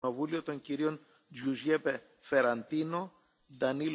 Κοινοβούλιο των κυρίων Τζουζιέπε Φεραντίνο, Ντανίλο